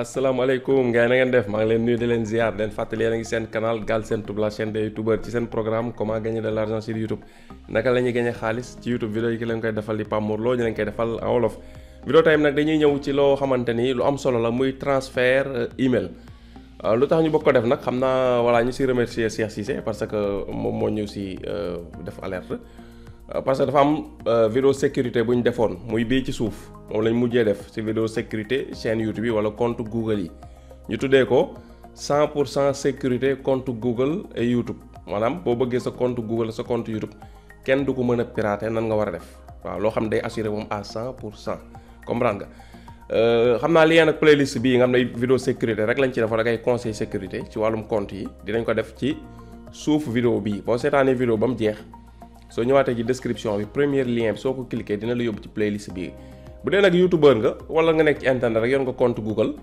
asalaamaaleykum ngay na ngeen def maa ngi leen nuyu di leen ziar leen fàttali yéen a ngi seen canal Galsen Tube la chaîne des youtubeurs ci seen programme comment gagner de l'argent sur YouTube naka la ñuy xaalis ci YouTube vidéo yi ki leen koy defal di Pape Mor Lo ñu leen koy defal en wolof vidéo time nag dañuy ñëw ci loo xamante ni lu am solo la muy transfert euh, email euh, lu tax ñu bokk ko def nag xam naa voilà ñu si remercier Cheikh Cissé parce que moom moo ñëw si euh, def alerte Euh, parce que dafa am euh, vidéo sécurité bu ñu defoon muy bii ci suuf moom lañ mujjee def si vidéo sécurité chaîne YouTube yi wala compte Google yi ñu tuddee ko 100 pour cent sécurité compte Google et YouTube maanaam boo bëggee sa compte Google sa compte YouTube kenn du ko mën a pirater nan nga war a def waaw loo xam day assuré moom à 100 pour cent comprendre nga euh, xam naa lien ak playlist bii nga xam ne vidéo sécurité rek lañ ci defoon ak ay conseil sécurité ci wàllum compte yi dinañ ko def ci suuf vidéo bii boo seetaanee vidéo ba mu jeex. soo ñëwaatee ci description bi premier lien bi soo ko cliquer dina la yóbbu ci playlist bi bu dee nag youtubeur nga wala nga nekk ci internet rek yor nga compte Google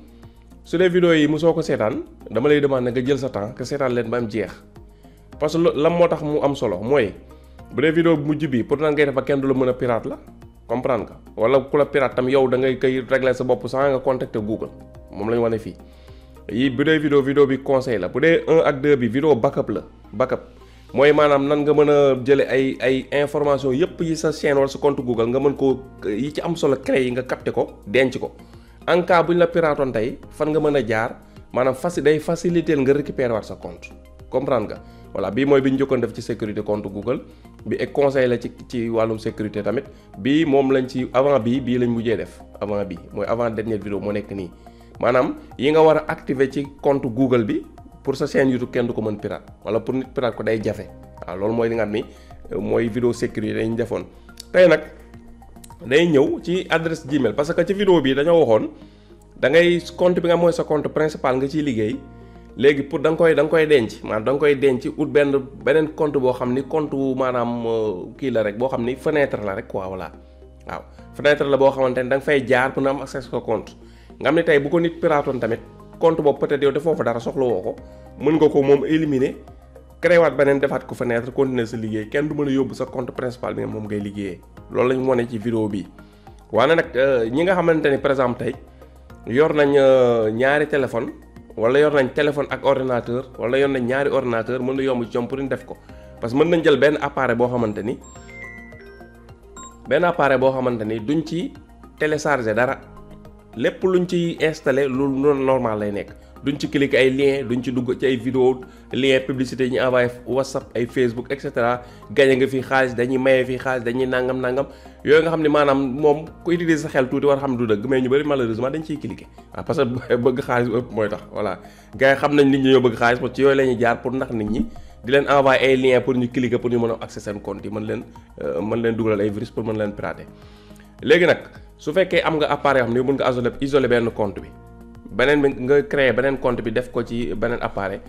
su dee vidéo yi mu soo ko seetaan dama lay demande nga jël sa temps que seetaan leen ba am jeex parce que lan moo tax mu am solo mooy bu dee vidéo bu mujj bi pour nan ngay def kenn du la mën a pirate la comprendre nga wala ku la pirate tam yow da ngay koy régler sa bopp sans nga contacter Google moom la ñu wane fii. yi bu dee vidéo bi conseil la bu dee 1 bi vidéo backup la backup mooy maanaam nan nga mën a jële ay ay information yépp yi sa chaîne wala sa compte Google nga mën koo yi ci am solo créé yi nga capté ko denc ko en bu ñu la piratoon tey fan nga mën a jaar maanaam faci day faciliter nga récupérer waat sa compte comprendre nga voilà bii mooy bi ñu def ci sécurité compte Google bi ak conseil la ci ci wàllum sécurité tamit bii moom lañ ci avant bii bii lañ mujjee def avant bii mooy avant dernière vidéo moo nekk nii maanaam yi nga war a activer ci compte Google bi pour sa chaîne YouTube kenn du ko mën pirate wala pour nit pirate ko day jafe waaw loolu mooy li nga ni euh, mooy vidéo sécurité dañu defoon tey nag day ñëw ci adresse Gmail parce que ci vidéo bi dañoo waxoon da ngay compte bi nga mooy sa compte principal nga ciy liggéey léegi pour danga koy da nga koy denc maanaam da nga koy denc ut benn beneen compte boo xam ni compte maanaam euh, kii la rek boo xam ni fenêtre la rek quoi voilà waaw fenêtre la boo xamante ni da nga fay jaar na am accès sa compte nga xam ne tey tamit. compte boobu peut-être yow defoo fa dara soxla woo ko mën nga ko moom éliminer créé beneen defaat ko fenêtre continuer sa liggéey kenn du mën a yóbbu sa compte principal bi nga moom ngay liggéeyee loolu lañ wane ci vidéo bi waane nag euh, ñi nga xamante ni par exemple tey yor nañ euh, ñaari téléphone wala yor nañ téléphone ak ordinateur wala yor nañ ñaari ordinateur mën na yomb ci ñoom pour def ko parce que mën nañ jël benn appareil boo xamante ni benn appareil boo xamante ni duñ ci télécharger dara lépp lu ñu ci installé loolu noonu normal lay nekk duñ ci cliquer ay lien duñ ci dugg ci ay vidéo lien publicité yi ñu envoyé whatsapp ay facebook et cetera gañe nga fi xaalis dañuy maye fi xaalis dañuy nangam nangam yooyu nga xam ne maanaam moom ku utiliser sa xel tuuti war xam du dëgg mais ñu bëri malheureusement dañ ciy cliquer waaw ah, parce que bëgg xaalis bu ëpp mooy tax voilà gars yi xam nañ nit ñi ñoo bëgg xaalis parce que yooyu la ñuy jaar pour ndax nit ñi di leen envoyé ay lien pour ñu cliquer pour ñu mën a accès seen compte yi mën leen euh, mën ay virus pour mën leen pirater léegi nag su fekkee am nga appareil yoo xam ne mën nga isolé benn compte bi beneen bi nga créer beneen compte bi def ko ci beneen appareil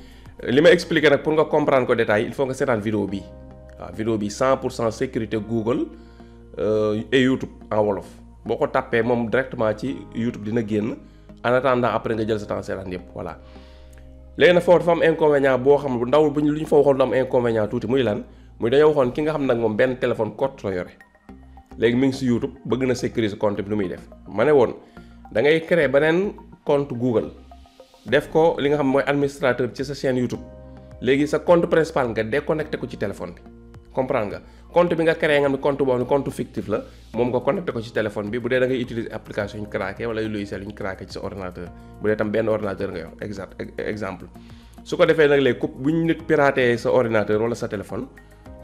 li ma expliquer nag pour nga comprendre ko détail il faut nga seetaan vidéo bii waaw vidéo bi pour cent sécurité Google euh, et YouTube en wolof boo ko tàppee moom directement ci YouTube dina génn en attendant après nga jël sa temps seetaan yëpp voilà. léegi nag foofu dafa am inconvénient boo xam ne ndaw bu ñu lu ñu fa waxoon lu am inconvénient ki nga xam nag moom benn téléphone cote la yore. léegi mi ngi si YouTube bëgg na sécuriser compte bi lu muy def ma ne woon da ngay créer beneen compte Google def ko li nga xam mooy administrateur ci sa chaîne YouTube léegi sa compte principal nga déconnecté ko ci téléphone bi comprendre nga compte bi nga créé nga xam ne compte boo xam ne compte fictif la moom nga connecté ko ci téléphone bi bu dee da ngay utiliser application yu ñu craqué wala logiciel yu ci sa ordinateur bu dee tam benn ordinateur nga yor exact exemple su ko defee nag léegi bu ñu nit sa ordinateur wala sa téléphone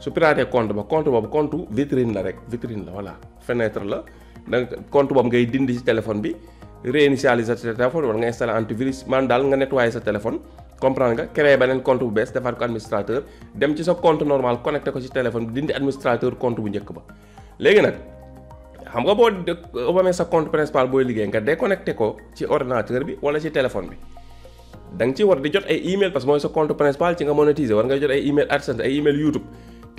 su piraatee compte ba compte boobu compte vitrine la rek vitrine la voilà fenêtre la donc compte boobu ngay dindi ci téléphone bi réinitialiser sa téléphone wala nga installer antivirus man daal nga nettoyer sa téléphone comprendre nga créer beneen compte bu bees defar ko administrateur dem ci sa compte normal connecté ko ci téléphone bi dindi administrateur compte bu njëkk ba léegi nag xam nga boo amee sa compte principal booy liggéey nga déconnecté ko ci ordinateur bi wala ci téléphone bi da nga ci war di jot ay email parce que mooy sa compte principal ci nga monétiser war nga jot ay email AdSense ay email YouTube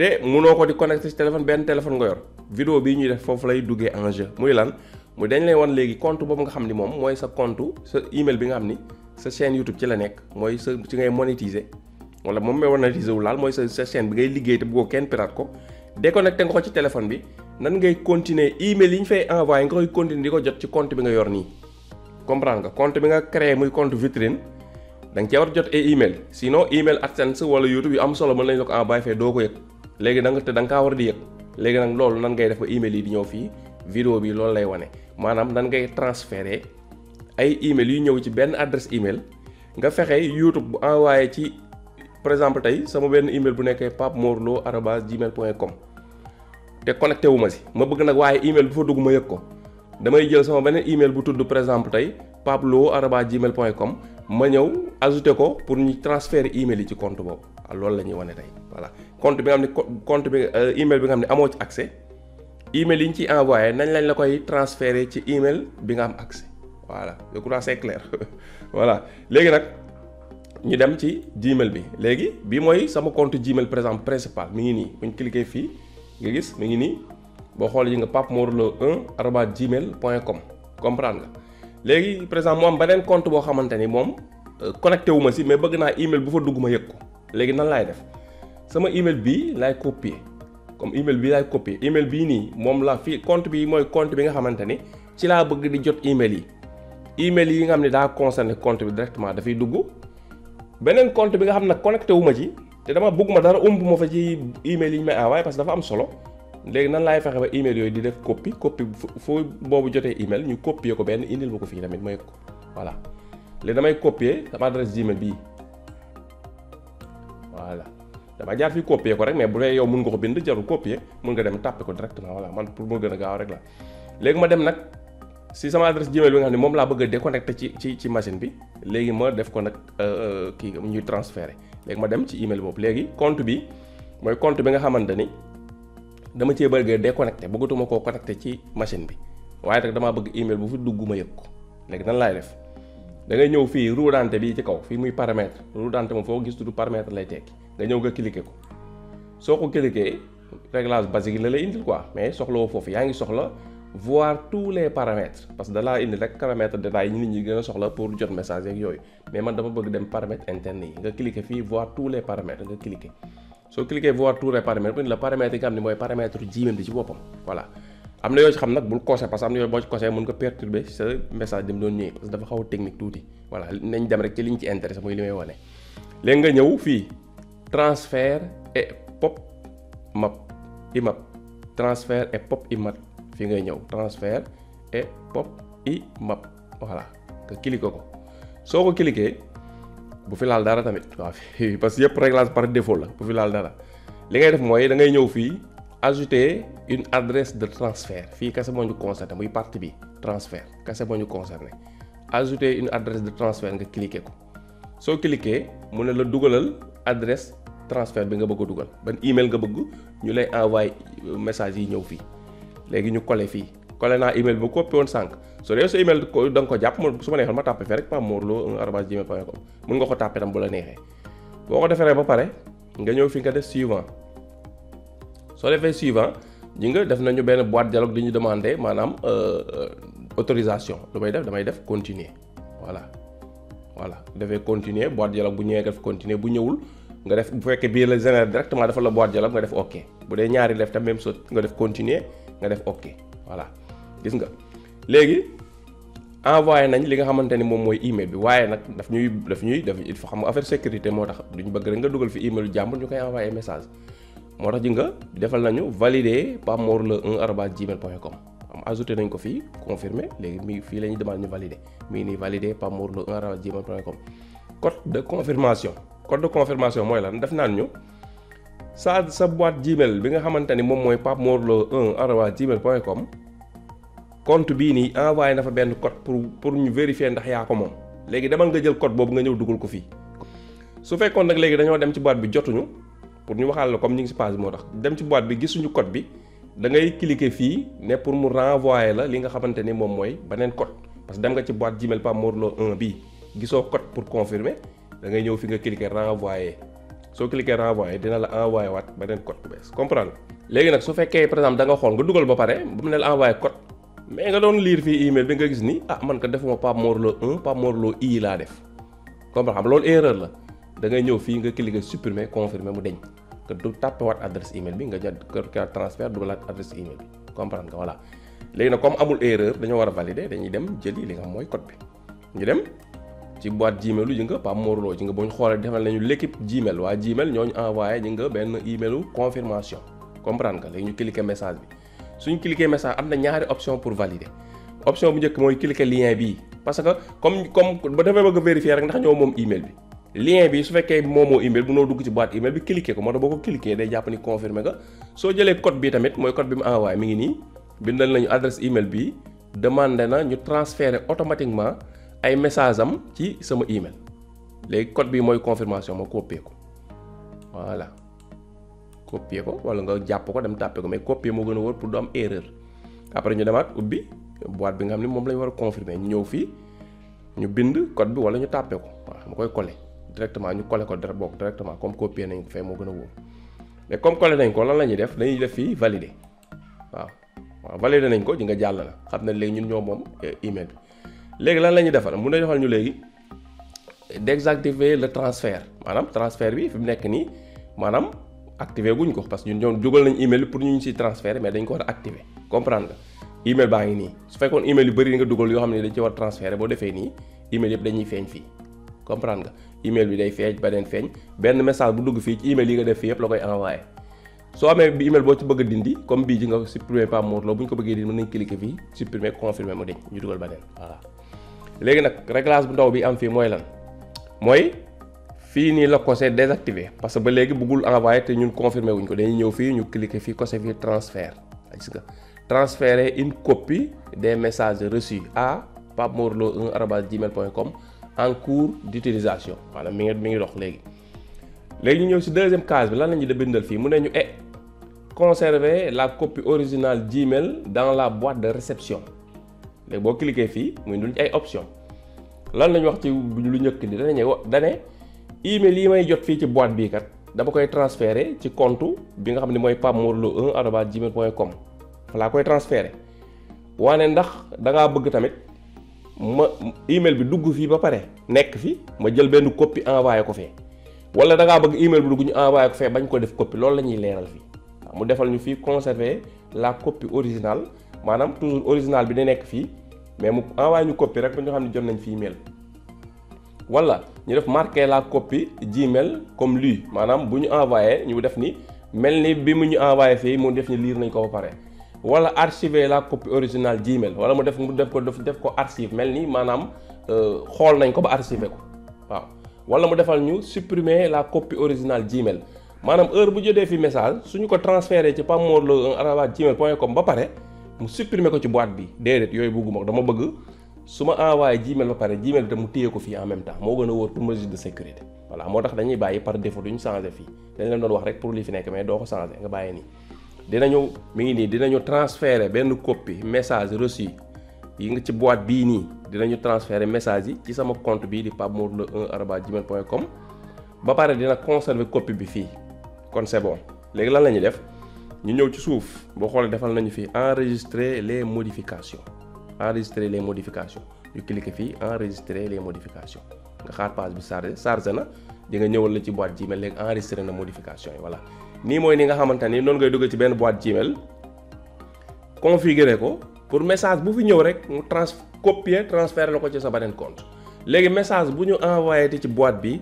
te mënoo ko di connecté ci téléphone benn téléphone nga yor vidéo bii ñuy def foofu lay duggee en jeu muy lan muy dañ lay wan léegi compte boobu nga xam ni moom mooy sa compte sa email bi nga xam ni sa chaîne YouTube ci la nekk mooy sa ci ngay monétiser wala moom may monétiser wu laal mooy sa sa chaîne bi ngay liggéey te bëggoo kenn pirate ko déconnecté nga ko ci téléphone bi nan ngay continuer yi ñu fay envoyé nga koy continuer ko jot ci compte bi nga yor nii comprendre nga compte bi nga créé muy compte vitrine da nga cee war jot ay email sinon email AdSense wala YouTube yu am solo mën nañ la ko envoyé fee doo ko yëg léegi da nga te da nga kaa war di yëg léegi nag loolu nan ngay def ba email yi di ñëw fii vidéo bi loolu lay wane maanaam nan ngay transférer ay email yu ñëw ci benn adresse email nga fexe YouTube bu envoyé ci par exemple tey sama benn email bu nekkee pape morlo arobase gmail point com te connecté wu ma si ma bëgg nag waaye email bu fa dugg ma yëg ko damay jël sama beneen email bu tudd par exemple tey pape lo arobase gmail comme ma ñëw ajouté ko pour ñu transférer email yi ci compte boobu loolu la ñuy wane tey voilà. compte bi nga xam ne compte bi euh, email xam ne amoo ci accès email yi ñu ciy envoyé nañ lañ la koy transféré ci email bi nga am accès voilà je crois c'est voilà léegi nag ñu dem ci Gmail bi léegi bi mooy sama compte Gmail par exemple principal mi ngi nii bu ñu fii nga gis mi ngi nii boo xool yi nga Pape Mor Lo 1 arroba point com comprendre léegi par exemple beneen compte boo xamante ni moom euh, connecté wu si mais bëgg naa email bu fa dugg ma yëg ko léegi nan laay def. sama email bii laay copier comme email bii laay copier email bii nii moom la fii compte bi mooy compte bi nga xamante ni ci laa bëgg di jot email yi email yi nga xam ne daa concerné compte bi directement dafay dugg beneen compte bi nga xam ne connecté wu ma ci te dama bugg ma dara umb ma fa ci email yi ñu may envoyé parce que dafa am solo léegi nan laay fexe ba email yooyu di def copie copie foo boobu jotee email ñu copier ko benn indil ma fii tamit mooy ko voilà léegi damay copier sama adresse Gmail bii voilà. damaa jaar fii copier ko rek mais bu dee yow mun nga ko bind jarul copier mun nga dem tàppe ko directement voilà man pour mu gën a gaaw rek la léegi ma dem nag si sama adresse Gmail bi nga xam ne moom laa bëgg a déconnecté ci ci ci machine bi léegi ma def ko nag euh, euh, kii ñuy transféré léegi ma dem ci email boobu léegi compte bi mooy compte bi nga xamante ni dama cee bëgg a déconnecté bëggatuma koo connecté ci machine bi waaye nag damaa bëgg email bu fi dugg ma yëg ko léegi nan laay def. dangay ñëw fii roue bi ci kaw fii muy paramètre roue dentée moom foo gis tudd paramètre lay tekki nga ñëw nga cliquer ko soo ko cliquer réglage basique yi la lay indil quoi mais soxlawoo foofu yaa ngi soxla voir tous les paramètres parce que dalaa indil rek paramètre détails yi nit ñi gën a soxla pour jot message yeeg yooyu mais man dama bëgg dem paramètres internes yi nga cliquer fii voir tous les paramètres nga cliquer soo cliquer voir tous les paramètres bu la mooy paramètre Gmail bi ci boppam voilà am na yoo ci xam nag bul coché parce que am na yooyu boo ci coché mën ko perturber sa message dem doon ñëwee parce que dafa xaw technique tuuti voilà nañ dem rek ci liñ ci intéressé muy li may wane. léegi nga ñëw fii transfert et pop map imap transfert et pop imap fi ngay ñëw transfert et pop imap voilà nga cliqué ko soo ko cliqué bu fi laal dara tamit waaw fii parce que yëpp réglage par défaut la bu fi laal dara li ngay def mooy da ngay ñëw fii. ajouter une adresse de transfert fii kese moo ñu concerné muy partie bi transfert kese moo ñu concerné ajouter une adresse de transfert nga cliquer ko soo cliquer mu ne la dugalal adresse transfert bi nga bëgg a dugal ban email nga bëgg ñu lay envoyer message yi ñëw fii léegi ñu coller fii coller naa email bi ma copié woon sànq soo dee sa email da nga ko jàpp man su ma neexoon ma tàppe fee rek Pape Mor Lo arobase gmail mun nga ko tàppe tam bu la neexee boo ko defee ba pare nga ñëw fi nga def suivant. soo defee suivant ñi nga def nañu benn boîte dialogue li ñu demande maanaam euh, euh, autorisation lu may def damay def continuer voilà voilà defee continuer boîte dialogue bu ñëwee nga def continuer bu ñëwul nga def bu fekkee bii la génère directement dafa la boîte dialogue nga def ok bu dee ñaari def tam même nga def continuer nga def ok voilà gis nga léegi envoyé nañ li nga xamante ni moom mooy email bi waaye nag daf ñuy daf ñuy daf il xam affaire sécurité moo tax duñ bëgg rek nga dugal fi email jàmbur ñu koy envoyé message moo tax ji nga defal nañu valider Pape Mor Lo 1 arobase gmail point com am ajouté nañ ko fii confirmé léegi mi fii la ñuy demande ñu valider mi ngi nii valider Pape Mor Lo 1 arobase gmail point de confirmation code de confirmation mooy lan def naan ñu sa sa boîte gmail bi nga xamante ni moom mooy Pape Mor Lo 1 arobase gmail point com bii nii envoyé na fa benn code pour pour ñu vérifier ndax yaa ko moom léegi demal nga jël code boobu nga ñëw dugal ko fii su fekkoon nag léegi dañoo dem ci boîte bi jotuñu. pour ñu waxal la comme ñu ngi si page bi moo tax dem ci boîte bi gisuñu code bi da ngay fii ne pour mu renvoyer la li nga xamante ni moom mooy beneen code parce que dem nga ci boîte Gmail Pape Mor Lo 1 bii gisoo code pour ñëw fi nga cliquer renvoyer soo cliquer renvoyer dina la envoyer waat beneen code bu bees comprendre nag su fekkee par exemple da nga dugal ba pare ba mu ne la envoyer code mais nga doon nga gis ni ah man ko defuma Pape Mor Lo 1 Pape Mor laa def comprendre xam loolu erreur la. da ngay ñëw fii nga cliquer supprimer confirmer mu deñ que du tàppewaat adresse email bi nga jot ka transfert dugalaat adresse email bi comprendre nga voilà. léegi nag comme amul erreur dañoo war a valider dañuy dem jëli li nga xam mooy code bi ñu dem ci boîte Gmail yi nga Pape Mor Lo ji nga bu ñu xoolee defal nañu l'équipe Gmail waa Gmail ñoo ñu envoyé ji nga benn emailu confirmation comprendre nga léegi ñu cliquer message bi suñ cliquer message am na ñaari option pour valider option bu njëkk mooy cliquer lien bii que comme comme ba dafay bëgg ndax ñoo moom email bi. lien bi su fekkee moom moo email mënoo dugg ci boîte email bi cliquer ko moo tax boo ko cliquer day jàpp ni confirmer nga soo jëlee code bi tamit mooy code bi mu envoyé mi ngi nii bindal nañu adresse email bi demandé na ñu transférer automatiquement ay message am ci sama email léegi code bi mooy confirmation ma copier ko voilà wala nga jàpp ko dem tàppe ko mais copier moo gën a wóor pour am erreur après ñu demaat ubbi boîte bi nga xam ne moom la war a confirmer ñu ñëw fii ñu bind code bi wala ñu tàppe ko ma koy coller directement ñu collé ko dara bokk directement comme copier nañ ko fee moo gën a wóor mais comme collé nañ ko lan la ñuy def dañuy def fii valider waaw waaw valider nañ ko di nga jàll na xam ne léegi ñun ñoo moom eh, email bi léegi lan la ñuy defal mun na joxal ñu léegi désactiver le transfert maanaam transfert bi fi mu nekk nii maanaam activer guñ ko parce que ñun ñoom dugal nañ email pour ñu ñu si transférer mais dañ ko war a activer comprendre nga email baa ngi nii su fekkoon email yu bëri nga dugal yoo xam ne dañ ci war transférer boo defee nii dañuy feeñ fii comprendre nga email bi day feeñ beneen feeñ benn message bu dugg fii ci email yi nga def fii yëpp la koy envoyé soo amee bi email boo ci bëgg dindi comme bii ji nga supprimer par mot bu ñu ko bëggee dindi mën nañ cliquer fii supprimer confirmer mu deñ ñu dugal beneen voilà léegi nag réglage bu ndaw bi am fii mooy lan mooy fii nii la cocé désactivé parce que ba léegi bëggul envoyé te ñun confirmer wuñ ko dañuy ñëw fii ñu cliquer fii cocé fii transfert gis nga transférer une copie des messages reçus à papemorlo1 arobase gmail point en cours d'utilisation maanaam mi ngi mi ngi dox léegi léegi ñu ñëw si deuxième case bi lan la ñu da bindal fii mu ne ñu e conserver la copie originale Gmail dans la boîte de réception léegi boo cliquer fii muy dul ci ay option lan lañ wax ci lu njëkk di danañu dane email yi may jot fii ci boite bii kat dama koy transférer ci compte bi nga xam ne mooy pam 1 arobase gmail point com laa koy transférer waane ndax da ngaa bëgg tamit ma email bi dugg fii ba pare nekk fi ma jël benn copie envoyé ko fee wala da ngaa bëgg email bi dugg ñu envoyé ko fee bañ ko def copie loolu la ñuy leeral fii mu defal ñu fii conserver la copie originale maanaam toujours original bi da nekk fii mais mu envoyé ñu copie rek ba ñu xam ne jot nañ fi email wala ñu def marqué la copie Gmail comme lui maanaam bu ñu envoyé ñu def ni mel ni bi mu ñu envoyé fii mu def ni liir nañ ko ba pare. wala archiver la copie originale Gmail wala mu def mu def ko def ko archive mel nii maanaam euh, xool nañ ko ba archiver ko waaw wala mu defal ñu supprimer la coppi originale Gmail maanaam heure bu jotee fi message suñu ko transféré ci Pape Mor Lo arobase gmail point com ba pare mu supprimer ko ci boîte bi déedéet yooyu bëgguma ko dama bëgg su ma envoyé Gmail ba pare Gmail bi tam mu téye ko fii en même temps moo gën a wóor pour mesure de sécurité voilà par défaut duñ changé fii dañ leen li fi nekk mais doo ko changé nga bàyyi dina dinañu mi ngi nii dinañu transférer benn copie message reçu yi nga ci boîte bii nii dinañu transférer message yi ci sama compte bii di Pape Mor Lo 1 arobase gmail point ba pare dina conserver copie bi fii kon c'est bon léegi lan la ñuy def ñu ñëw ci suuf boo xoolee defal nañu fii enregistrer les modifications enregistrer les modifications ñu cliquer fii enregistrer les modifications nga xaar page bi chargé chargé na di nga ñëwal la ci boîte Gmail léegi enregistré na modification yi voilà nii mooy ni nga xamante ni noonu ngay duggee ci benn boîte Gmail configurer ko pour message bu fi ñëw rek mu trans copier transférer la ko ci sa beneen compte léegi message bu ñu envoyé ci boîte bi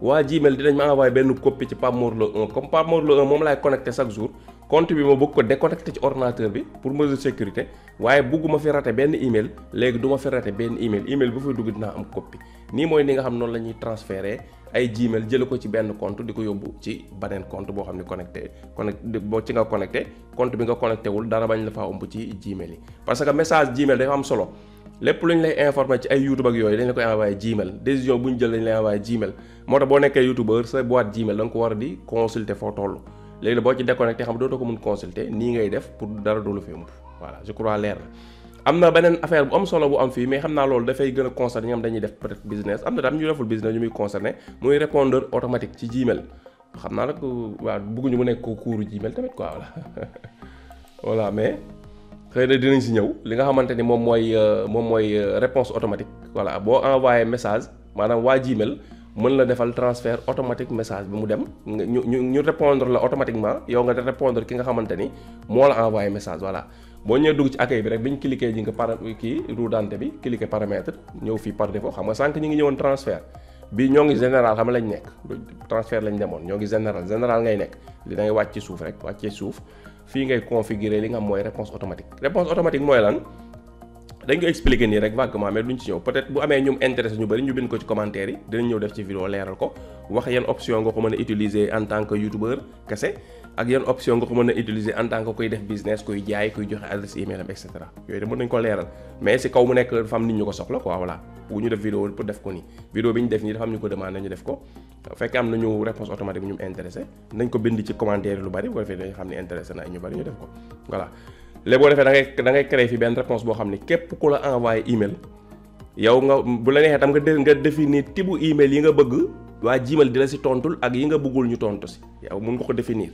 waa Gmail dinañ ma envoyé benn copie ci Pape Mor Lo comme Pape moom laay connecté chaque jour compte bi ma bëgg ko déconnecté ci ordinateur bi pour mesure sécurité waaye bëgguma fi raté benn email léegi du ma fi raté benn email email bu fi dugg dinaa am copie nii mooy ni nga xam noonu la ñuy transférer ay Gmail jële ko ci benn compte di ko yóbbu ci beneen compte boo xam ne connecté connecté boo ci nga connecté compte bi nga connecté wul dara bañ la faa ëmb ci Gmail yi parce que message Gmail dafa am solo lépp lu lay informé ci ay YouTube ak yooyu dañ la koy envoyé bu ñu jël dañ lay envoyé Gmail moo tax boo nekkee youtubeur sa boîte Gmail da nga ko war a di consulter foo toll léegi nag boo ci déconnecté xam dootoo ko mun consulter nii ngay def pour dara du la fi ëmb voilà je am na beneen affaire bu am solo bu am fii mais xam naa loolu dafay gën a concerné ñoom dañuy def peut-être business am na tam ñu deful business ñu muy concerné muy répondeur automatique ci Gmail xam naa nag waaw bëgguñu mu nekk ko kuuru Gmail tamit quoi voilà voilà mais xëy na dinañ si ñëw li nga xamante ni moom mooy euh, moom mooy euh, réponse automatique voilà boo envoyé message maanaam waa Gmail mën la defal transfert automatique message bi mu dem ñu ñu ñu répondre la automatiquement yow nga répondre ki nga xamante ni moo envoyé message voilà boo ñëwee dugg ci accueil bi rek bi ñu cliqué ji nga para kii roue bi cliqué paramètre ñëw fii par défaut xam nga sànq ñi ngi ñëwoon transfert bii ñoo ngi général xam lañ nekk lañ ñoo ngi général général ngay nekk li da wàcc ci suuf rek wàccee suuf fii ngay configurer li nga xam mooy réponse automatique réponse automatique mooy lan dañ ko expliquer nii rek vaguement mais duñ ci ñëw peut bu amee ñum intéressé ñu bëri ñu bind ko ci commentaire yi dinañ ñëw def ci vidéo leeral ko wax en tant que youtubeur kese ak yan option nga ko mën a utiliser en tant que kuy def business kuy jaay kuy joxe adresse email am et cetera yooyu de mën nañ ko leeral mais si kaw mu nekk dafa nit ñu ko soxla quoi voilà bu ñu def vidéo pour def ko nii vidéo bi ñu def nii dafa am ñu ko bind ci commentaire lu bari bu ko defee dañu xam ne intéressé na ñu bari ñu def da ngay da ngay fi benn réponse boo xam ne képp ku la envoyé email yow nga bu la neexee tam nga nga définir tibu email yi nga bëgg waa Gmail di la si tontul ak yi nga bëggul ñu tontu si yow mun nga ko définir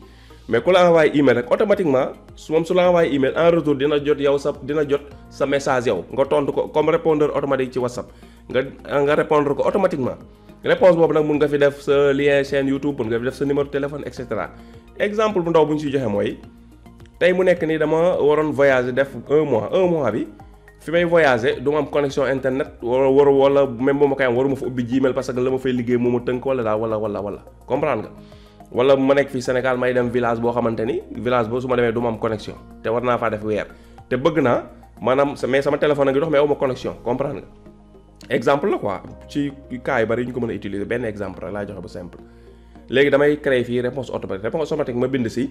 mais ku la envoyé email rek automatiquement su moom su la envoyé email en retour dina jot yow sa dina jot sa message yow nga tontu ko comme répondeur automatique ci WhatsApp nga nga répondre ko automatiquement réponse boobu nag mun nga fi def sa lien chaîne YouTube mun nga fi def sa numéro téléphone et cetera exemple bu ndaw bu ñu si joxe mooy tey mu nekk nii dama waroon voyage def un mois un mois bi fi may voyager du ma am connexion internet wala waru wala même bu ma koy am parce que la ma fay liggéey moo ma tënk wala daal wala wala wala comprendre wala ma nekk fi Sénégal may dem village boo xamante ni village boo su ma demee du ma am connexion te war naa faa def weer te bëgg naa maanaam mais sama téléphone a ngi dox mais ma connexion comprendre exemple la ci cas yu bari ñu ko mën a utiliser benn exemple laa joxe bu simple. léegi damay créer fii réponse automatique réponse automatique ma bind si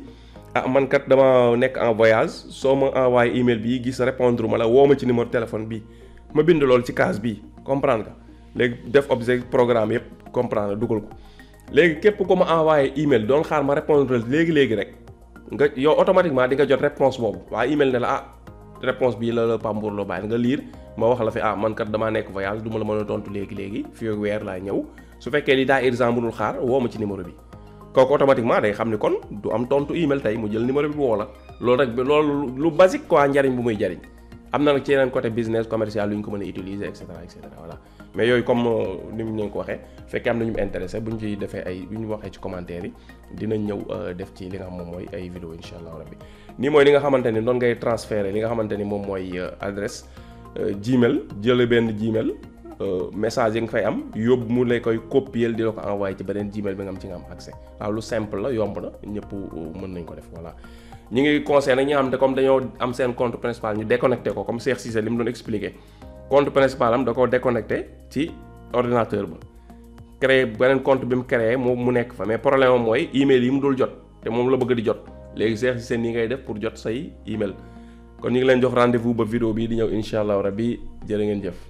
ah man kat dama nekk en voyage soo ma envoyé email bii gis répondre ma la woo ma ci numéro téléphone bii ma bind loolu ci case bi comprendre nga léegi def objet programme yëpp comprendre dugal ko. léegi képp ko ma envoyé email doon xaar ma répondre léegi léegi rek nga yow automatiquement di nga jot réponse boobu waa email ne la ah réponse bii la la Pambour bàyyi nga liir ma wax la fi ah man kat damaa nekk voyage du duma la mën a tontu léegi léegi fii ak weer laay ñëw su fekkee li daa urgent mënul xaar woo ma ci numéro bi kooku automatiquement day xam ni kon du am tontu email tey mu jël numéro bi woo la loolu rek loolu lu basique quoi njariñ bu muy jariñ am na nag ci yeneen côté business commercial lu ñu ko mën a utiliser et cetera et cetera voilà mais yooyu comme euh, ni mu leen ko waxee fekkee am na ñu mu intéressé bu ñu ciy defee ay bu ñu waxee ci commentaire yi dinañ ñëw euh, def ci li nga xam moom mooy ay vidéo incha allah rabbi nii mooy li nga xamante ni noonu ngay transférer li nga xamante ni moom mooy euh, adresse Gmail jële benn Gmail message yi nga fay am yóbbu mu ne koy copier di la ko envoyé ci beneen Gmail bi nga am ci nga am accès waaw lu simple la yomb na ñëpp mën nañ ko def voilà. ñu ngi conseil nag ñi nga xam ne comme dañoo am seen compte principal ñu déconnecté ko comme Cheikh Cissé li mu doon expliqué compte principal am da koo déconnecté ci ordinateur ba créé beneen compte bi mu créé moom mu nekk fa mais problème am mooy email yi mu dul jot te moom la bëgg di jot léegi Cheikh Cissé nii ngay def pour jot say email kon ñu ngi leen jox rendez-vous ba vidéo bii di ñëw incha allah rabbi jërë ngeen jëf.